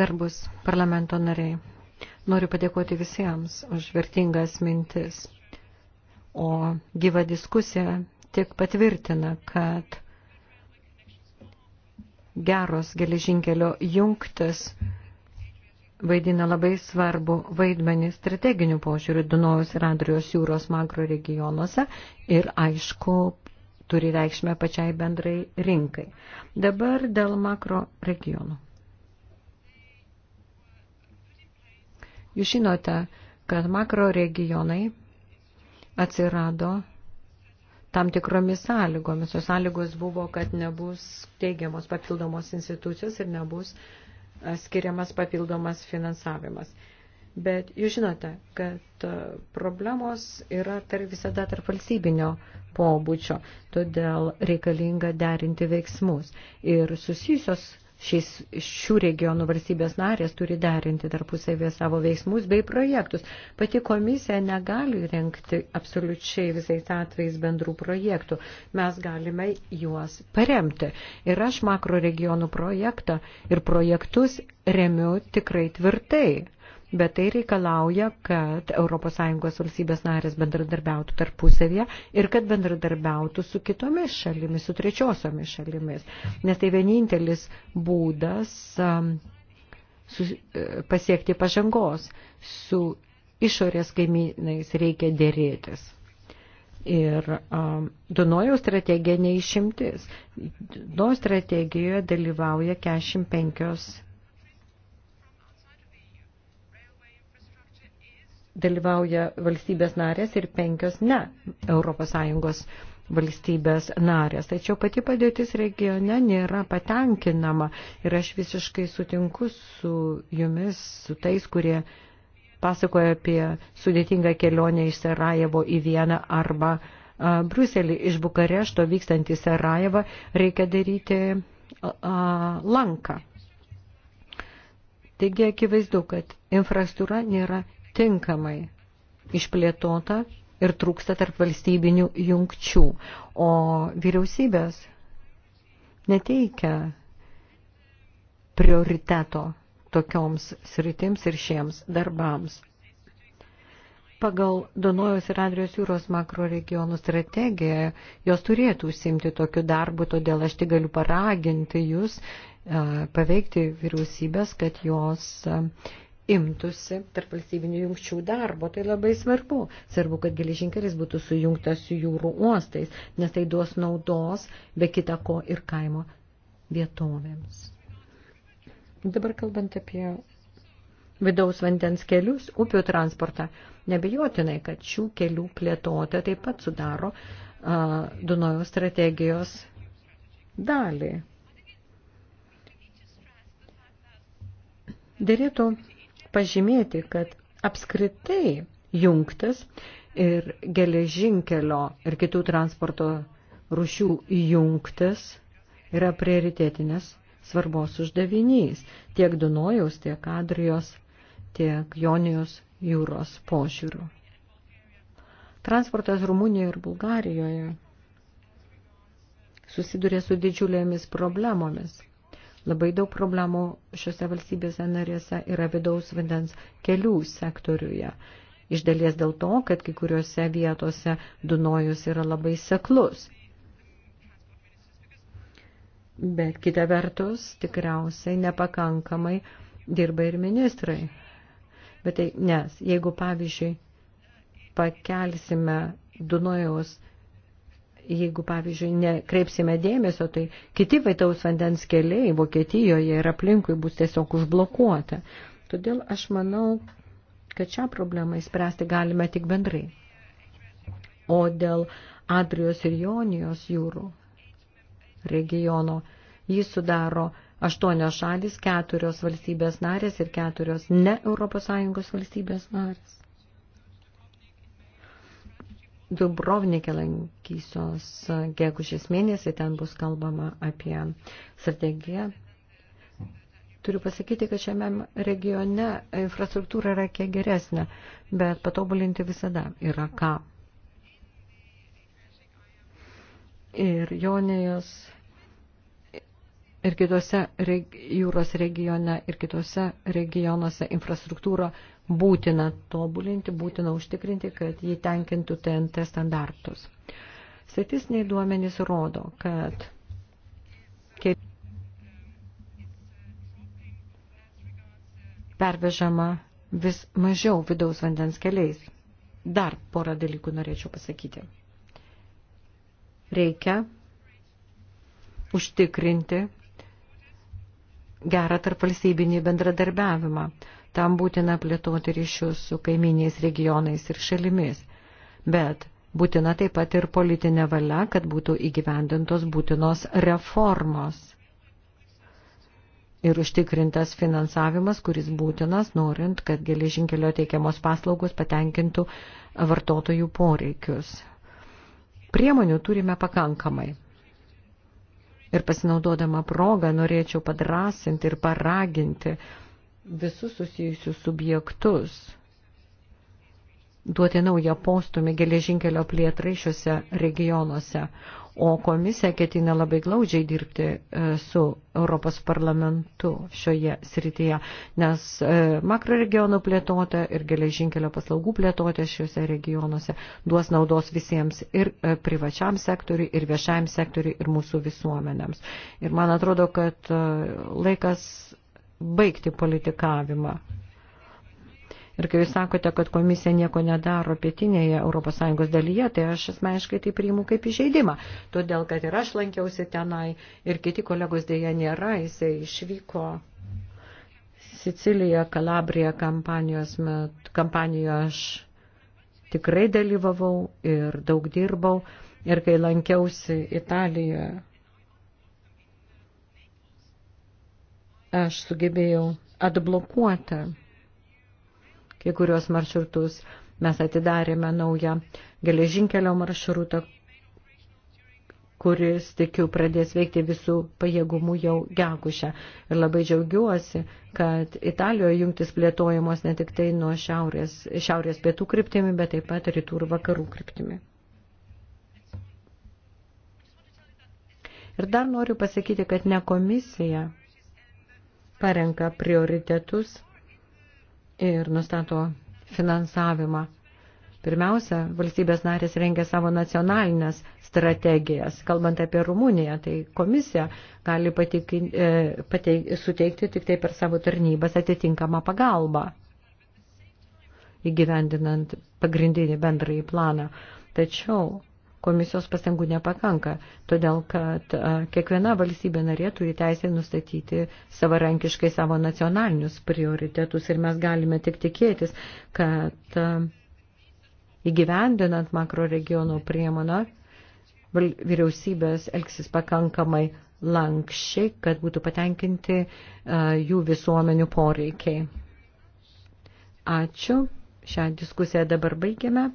S1: Garbus parlamento nariai, noriu padėkoti visiems už vertingas mintis. O gyva diskusija tik patvirtina, kad geros geležinkelio jungtis vaidina labai svarbu vaidmenį strateginių požiūrių Dunojus ir Andrijos jūros makro regionuose ir aišku turi reikšmę pačiai bendrai rinkai. Dabar dėl makro regionų. Jūs žinote, kad makro regionai atsirado tam tikromis sąlygomis. O sąlygos buvo, kad nebus teigiamos papildomos institucijos ir nebus uh, skiriamas papildomas finansavimas. Bet jūs žinote, kad e, problemos yra tarp visada tarp valstybinio pobūdžio, todėl reikalinga derinti veiksmus. Ir susijusios Šis, šių regionų valstybės narės turi derinti tarpusavėje savo veiksmus bei projektus. Pati komisija negali renkti absoliučiai visais atvejais bendrų projektų. Mes galime juos paremti. Ir aš makro regionų projektą ir projektus remiu tikrai tvirtai bet tai reikalauja, kad ES valstybės narės bendradarbiautų tarpusavėje ir kad bendradarbiautų su kitomis šalimis, su trečiosiomis šalimis, nes tai vienintelis būdas um, e, pasiekti pažangos. Su išorės kaimynais reikia dėrėtis. Ir um, Dunojaus strategija neišimtis. Dunojaus strategijoje dalyvauja 45 dalyvauja valstybės narės ir penkios ne ES valstybės narės. Tačiau pati padėtis regione nėra patenkinama ir aš visiškai sutinku su jumis, su tais, kurie pasakoja apie sudėtingą kelionę iš Sarajevo į Vieną arba a, Bruselį. Iš Bukarešto vykstant į Sarajevą reikia daryti a, a, lanką. Taigi akivaizdu, kad infrastruktūra nėra tinkamai išplėtota ir trūksta tarp valstybinių jungčių. O vyriausybės neteikia prioriteto tokioms sritims ir šiems darbams. Pagal Donojos ir Adrijos jūros makroregionų strategiją jos turėtų užsimti tokiu darbu, todėl aš tik galiu paraginti jūs e, paveikti vyriausybės, kad jos e, imtųsi tarp valstybinių jungčių darbo. Tai labai svarbu. Svarbu, kad geležinkelis būtų sujungtas su jūrų uostais, nes tai duos naudos be kita ko ir kaimo vietovėms. Dabar kalbant apie vidaus vandens kelius, upių transportą, nebejotinai, kad šių kelių plėtotė taip pat sudaro uh, Dunojo strategijos dalį. Dėlėtų pažymėti, kad apskritai jungtis ir geležinkelio ir kitų transporto rušių jungtis yra prioritetinės svarbos uždavinys tiek Dunojaus, tiek Adrijos, tiek Jonijos jūros požiūrių. Transportas Rumunijoje ir Bulgarijoje susiduria su didžiulėmis problemomis – Labai daug problemų šiuose valstybėse narėse yra vidaus vandens kelių sektoriuje. Iš dalies dėl to, kad kai kuriuose vietose Dunojus yra labai seklus. Bet kita vertus, tikriausiai nepakankamai dirba ir ministrai. Bet tai, nes jeigu, pavyzdžiui, pakelsime Dunojaus jeigu, pavyzdžiui, nekreipsime dėmesio, tai kiti vaitaus vandens keliai Vokietijoje ir aplinkui bus tiesiog užblokuota. Todėl aš manau, kad šią problemą įspręsti galime tik bendrai. O dėl Adrijos ir Jonijos jūrų regiono jis sudaro aštuonios šalis, keturios valstybės narės ir keturios ne ES valstybės narės. Dubrovnike lankysios gegužės mėnesį, ten bus kalbama apie strategiją. Turiu pasakyti, kad šiame regione infrastruktūra yra kiek geresnė, bet patobulinti visada yra ką. Ir Jonijos ir kitose reg, jūros regione, ir kitose regionuose infrastruktūrą būtina tobulinti, būtina užtikrinti, kad jį tenkintų TNT standartus. Statistiniai duomenys rodo, kad kaip pervežama vis mažiau vidaus vandens keliais. Dar porą dalykų norėčiau pasakyti. Reikia užtikrinti gerą tarpvalstybinį bendradarbiavimą. Tam būtina plėtoti ryšius su kaiminiais regionais ir šalimis. Bet būtina taip pat ir politinė valia, kad būtų įgyvendintos būtinos reformos ir užtikrintas finansavimas, kuris būtinas, norint, kad geležinkelio teikiamos paslaugos patenkintų vartotojų poreikius. Priemonių turime pakankamai, Ir pasinaudodama progą norėčiau padrasinti ir paraginti visus susijusius subjektus duoti naują postumį geležinkelio plėtrai šiuose regionuose, o komisija ketina labai glaudžiai dirbti e, su Europos parlamentu šioje srityje, nes e, makroregionų plėtotė ir geležinkelio paslaugų plėtotė šiuose regionuose duos naudos visiems ir e, privačiam sektoriui, ir viešajam sektoriui, ir mūsų visuomenėms. Ir man atrodo, kad laikas baigti politikavimą. Ir kai jūs sakote, kad komisija nieko nedaro pietinėje ES dalyje, tai aš asmeniškai tai priimu kaip įžeidimą. Todėl, kad ir aš lankiausi tenai ir kiti kolegos dėja nėra, jisai išvyko Sicilija, Kalabrija kampanijos met, kampanijoje aš tikrai dalyvavau ir daug dirbau. Ir kai lankiausi Italijoje, aš sugebėjau atblokuoti kai kurios maršrutus. Mes atidarėme naują geležinkelio maršrutą, kuris, tikiu, pradės veikti visų pajėgumų jau gegušę. Ir labai džiaugiuosi, kad Italijoje jungtis plėtojamos ne tik tai nuo šiaurės, šiaurės pietų kryptimi, bet taip pat rytų ir vakarų kryptimi. Ir dar noriu pasakyti, kad ne komisija parenka prioritetus ir nustato finansavimą. Pirmiausia, valstybės narės rengia savo nacionalinės strategijas. Kalbant apie Rumuniją, tai komisija gali patikin, e, pateik, suteikti tik tai per savo tarnybas atitinkamą pagalbą, įgyvendinant pagrindinį bendrąjį planą. Tačiau komisijos pastangų nepakanka, todėl kad kiekviena valstybė narė turi teisę nustatyti savarankiškai savo nacionalinius prioritetus ir mes galime tik tikėtis, kad įgyvendinant makro regionų priemoną vyriausybės elgsis pakankamai lankščiai, kad būtų patenkinti jų visuomenių poreikiai. Ačiū. Šią diskusiją dabar baigiame.